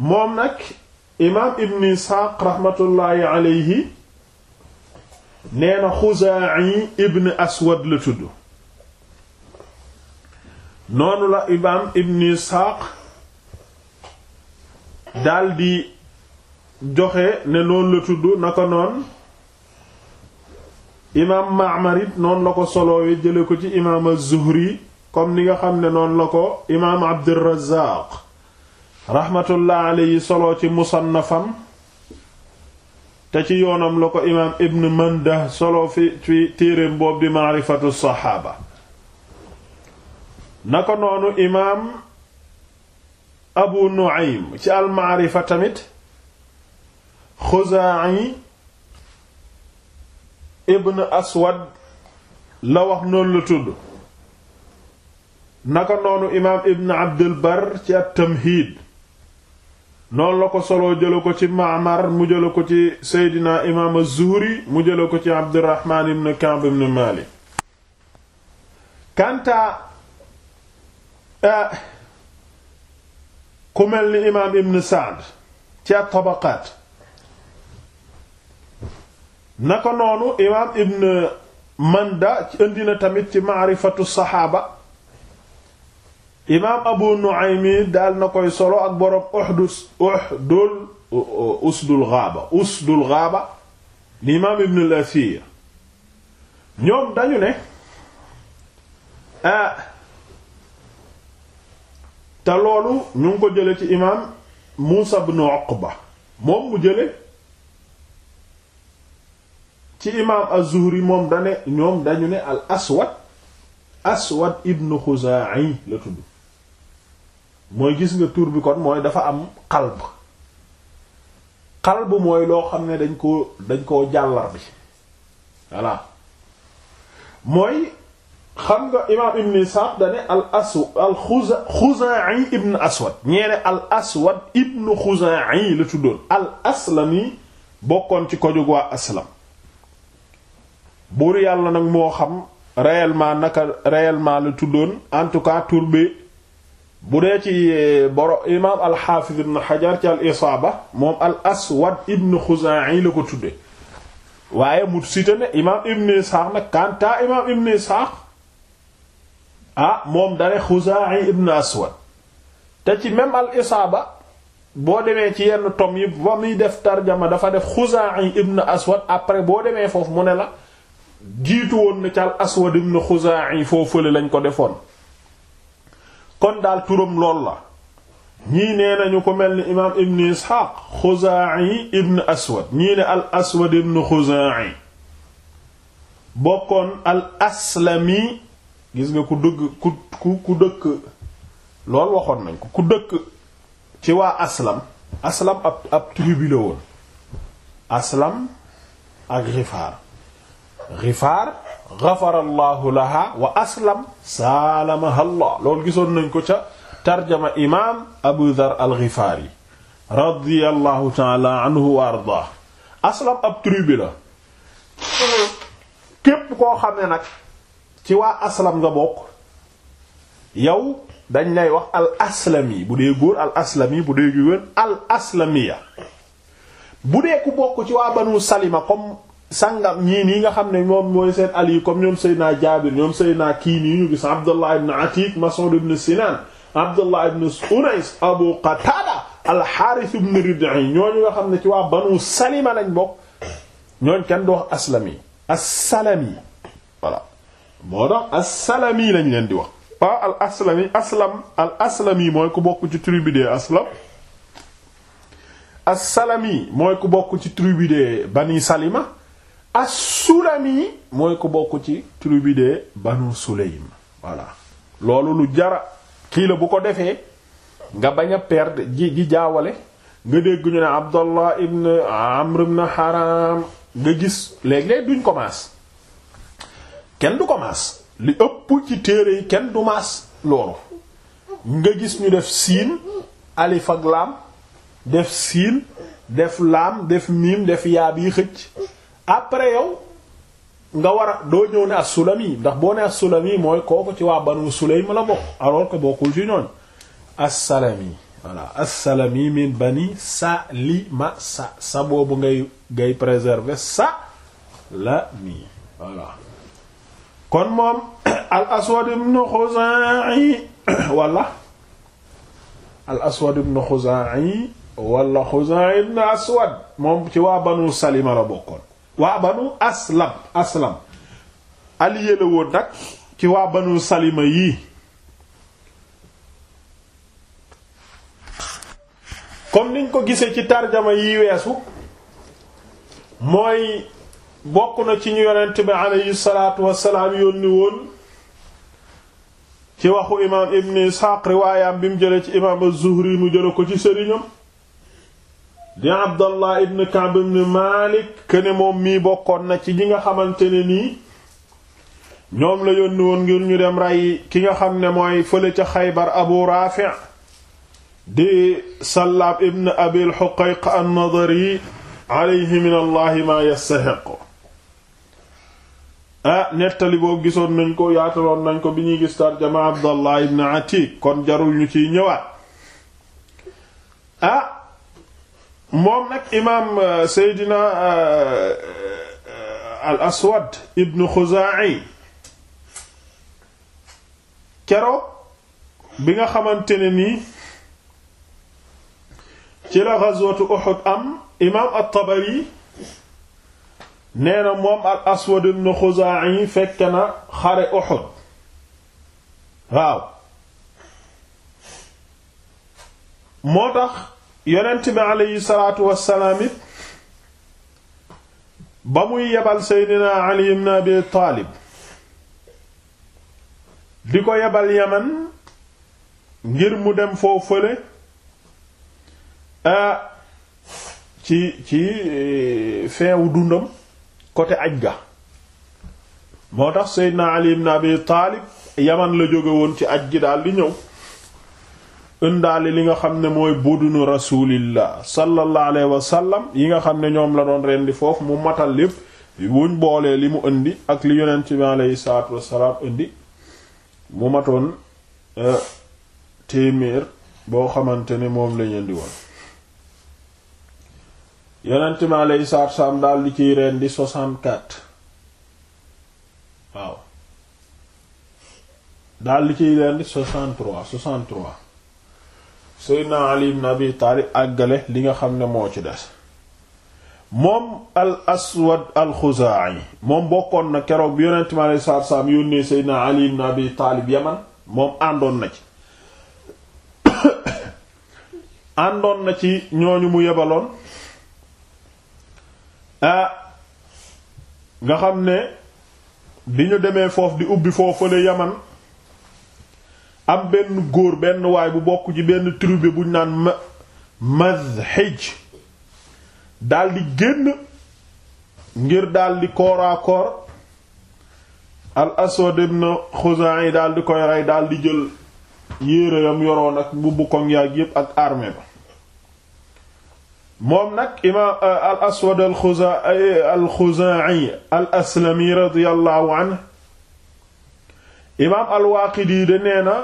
moom nag imaam ibn isxaaq raxmatullaahi aleyhi nee na xuzaa'i ibn aswad la tudd noonu la imaam ibn isxaaq daldi joxe ne noonu la tudd naka noon imaam Ma'mar it la ko soloowe jële ko ci imaam az-Zuhri ni nga xam ne noon la ko imaam Abdurrazzaq raxmatullah alayhi solo ci musannafam te ci yoonam la ko imaam ibn mandah solo fi fi téereem boobu di maarifatu saxaaba na ko noonu imaam ibn abdul bar ci at tamhiid noonu la ko soloo jëla ko ci Ma'mar mu jëla ko ci Seydina imaam az mu jëla ko ci Abdurrahman ibn Ka'b ibn Malik kanta eh, ku mel ni imaam ibn Sa'd ci at-Tabaqaat naka noonu imaam ibn Manda indi na tamit ci ma'rifatu saxaaba imaam abu nu'aymi daal na koy solo ak boroom uhdus uhdul usdul ghaaba usdul ghaaba di imaam ibn al ñoom dañu ne ah, te loolu ñu ngi ko jële ci imaam muusa ibn uqba moom mu jële ci imaam az-zuhri moom dane ñoom dañu ne al aswad aswad ibnu xuzaa'i la tudd mooy gis nga tur bi kon mooy dafa am qalb qalb mooy loo xam ne dañ koo dañ koo jàllar bi voilà mooy xam nga imaam ibn Isaaq dane al aswad al xuzaa'i ibn aswad ñeene al aswad ibn xuzaa'i la tuddoon al aslami bokkoon ci ko jóg waa aslam buur yàlla nag moo xam réellement naka réellement la tuddoon en tout cas tur bi bu dee ci euh, boro imaam alxaafiz ibn xajar ci al isaaba moom al aswad ibn xuzaa'i la ko tudde waaye mu cité ne imaam ibn isxaaq nag kanta imaam ibn isxaaq ah moom dane xuzaa'i ibn aswad te ci même al isaaba boo demee ci yenn tom yi ba muy def tarjama dafa def xuzaa'i ibn aswad après boo demee foofu mu ne la jiitu woon na ca al aswad ibn xuzaa'i foofale lañ ko defoon kon daal turam lool la ñii nee nañu ko mel ni imaam ibn isxaaq xuzaa'i ibn aswad ñii ne al aswad ibn xuzaa'i bokkoon al aslami gis nga ku dëgg ku ku ku dëkk lool waxoon nañ ko ku dëkk ci waa aslam aslam ab ab tribu la woon aslam ak rifaar Ghifaar ghafarallahu laha wa aslam salamaha Allah loolu gisoon nañ ko ca tarjama imaam Abu Dhar al-Ghifaari radiyallahu ta'ala anhu wa ardaa aslam ab tribu képp koo xam nag ci waa aslam nga bokk yow dañ lay wax al aslami bu dee góor al aslami bu dee jigéen al aslamiya bu dee ku bokk ci waa banu salima comme sangam ñii nii nga xam ne moom mooy seen ali comme ñoom naa Jaabir ñoom Seydina kii nii ñu gis Abdullah ibn Atiq Mas'ud ibn Sinan Abdullah ibn Unays Abu Qatada al-Harith ibn ñoo ñooñu nga xam ne ci waa Banu Salima lañ bokk ñooñ kenn du wax aslami as-salami voilà moo tax as-salami lañ leen di wax pas al aslami aslam al aslami mooy ku bokk ci tribu des aslam as mooy ku bokk ci tribu des Bani Salima as-Sulami mooy ku bokk ci tribu de Banu Sulaym voilà loolu lu jara kiila bu ko defee nga bañ a ji ji jaawale nga dégg ñu ne Abdallah ibn Amr ibn Haram nga gis léeg duñ ko maas kenn du ko maas li ëpp ci téere yi kenn du maas loolu nga gis ñu def siin alif ak laam def siin def laam def miim def yaab yi xëcc après yow nga war a doo ñëw ne as ndax boo ne as mooy kooku ci waa Banu Sulaym la bokk alors que bokkul ci ñooñ as-Salami voilà as-Salami min sa sa boobu ngay ngay préserver sa la mi kon moom al-Aswad ibn Khuzai wala al-Aswad ibn Khuzai wala Khuzai ibn Aswad moom ci waa Banu Salima la bokkoon waa banu aslam aslam allié la woon nag ci waa banu salima yii comme niñ ko gisee ci tarjama yi weesu mooy bokk na ci ñu yonent bi aleyhi salaatu wassalaam yónni woon ci waxu imaam ibn Isxaaq riwaayam bi mu jëlee ci imaam az mu jële ko ci sëriñam di abdallah ibn Ka'b ibn Malik këne moom mii bokkoon na ci ñi nga xamante ne nii ñoom la yónni woon ngir ñu dem rey ki nga xam ne mooy fële ca Xaybar Abu Rafi' di Sallaab ibn Abil Huqayq an ma boo gisoon nañ ko yaataloon nañ ko bi ñuy gis tarjama abdallah ibn Atiik kon jarul ñu ciy ñëwaat moom nag imaam euh, Seydina euh, euh, al aswad ibnu Xuzaa'i keroog bi nga xamante ne nii ci la ghazwatu Uhud am imaam at-Tabari nee moom al aswad ibnu Xuzaa'i fekk na xare Uhud waaw moo tax yonent bi aleyhi salaatu wassalaam it ba muy yebal seydina ali ibn abi taalib di ko yebal yaman ngir mu dem foofu fële ah, ci ci eh, feewu dundam côté aj ga moo tax seydina ali ibn abi taalib yaman la jóge woon ci aj gi daal di ñëw ëndaale li nga xam ne mooy budunu rasulillah sallallahu alayhi wa sallam yi nga xam ne ñoom la doon rendi foofu mu matal lépp wuñ boolee li mu indi ak li yonent bi alayhi salaatu wassalaam matoon euh, téeméer boo xamante ne moom lañ indi woon yonent bi alayhi daal di ciy rendi 64 waaw daal di ciy rendi 63 63 seydna ali ibn abi taalib àggale li nga xam ne moo ci des moom al aswad al moom bokkoon na keroog bi yonent mi alei saatu salaam yónnee seydna ali ibn abi taalib yaman moom àndoon na ci àndoon na ci ñooñu mu yebaloon ah nga xam ne bi ñu demee foofu di ubbi foofale yaman am benn góor benn waay bu bokk ci benn tribu buñ naan ma daldi génn ngir daldi kooraakoor al aswad ibn Xuzaa'i daldi koy rey daldi jël yére yam yoroon ak mbubbu koŋ yaag yépp ak armée ba moom nag imaam euh, al aswad al Xuzaa'i euh, al aslami radiyallahu anhu imaam al Waaqidi de nee na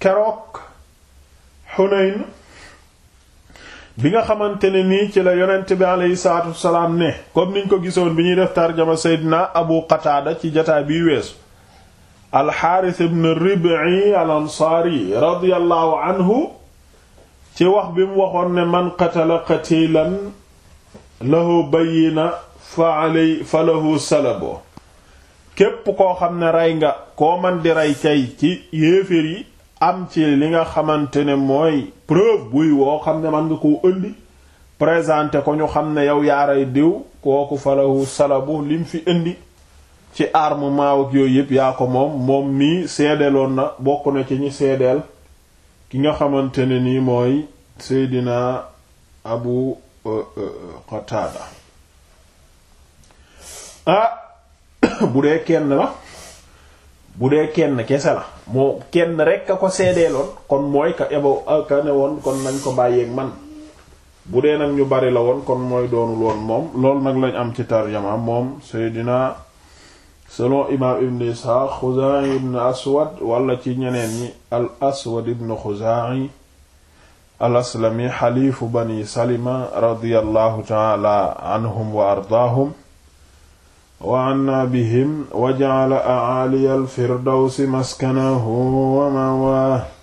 kerook Xunayn bi nga xamante ne nii ci la yonent bi aleyhi salaatu wasalaam ne comme niñ ko gisoon bi ñuy def tarjama Seydina Abu Qataada ci jataay biy weesu alxaaris ibn Rib'i al ansaari radiyallahu anhu ci wax bi mu waxoon ne man qatala qatiilan lahu bayyina fa fa lahu salabo képp koo xam ne rey nga koo man di rey cay ci yéeféer yi am ci li nga xamante ne mooy preuve buy woo xam ne man nga koo indi présenté ko ñu xam ne yow yaaray diw kooku falahu salabu lim fi indi ci armement ak yooyu yëpp yaa ko moom moom mii seedeeloon na bokk na ci ñi seedeel ki nga xamante ne nii mooy Seydina Abu euh, euh, Qatada ah bu dee kenn la bu dee kenn kese la moo kenn rek a ko seedeeloon kon mooy ka ebo ka ne woon kon nañ ko bàyyeeg man bu dee nag ñu bari la woon kon mooy doonuloon moom loolu nag lañ am ci tarjama moom Seydina selon imaam ibn Isxaaq Xuzaa'i ibn Aswad wala ci ñeneen yi al Aswad ibn Xuzaa'i al aslami xaliifu bani Salima radiyallahu taala wa ardaahum wa anna bihim wa ja'ala a'aliya al-firdawsi maskanahu wa ma'waahu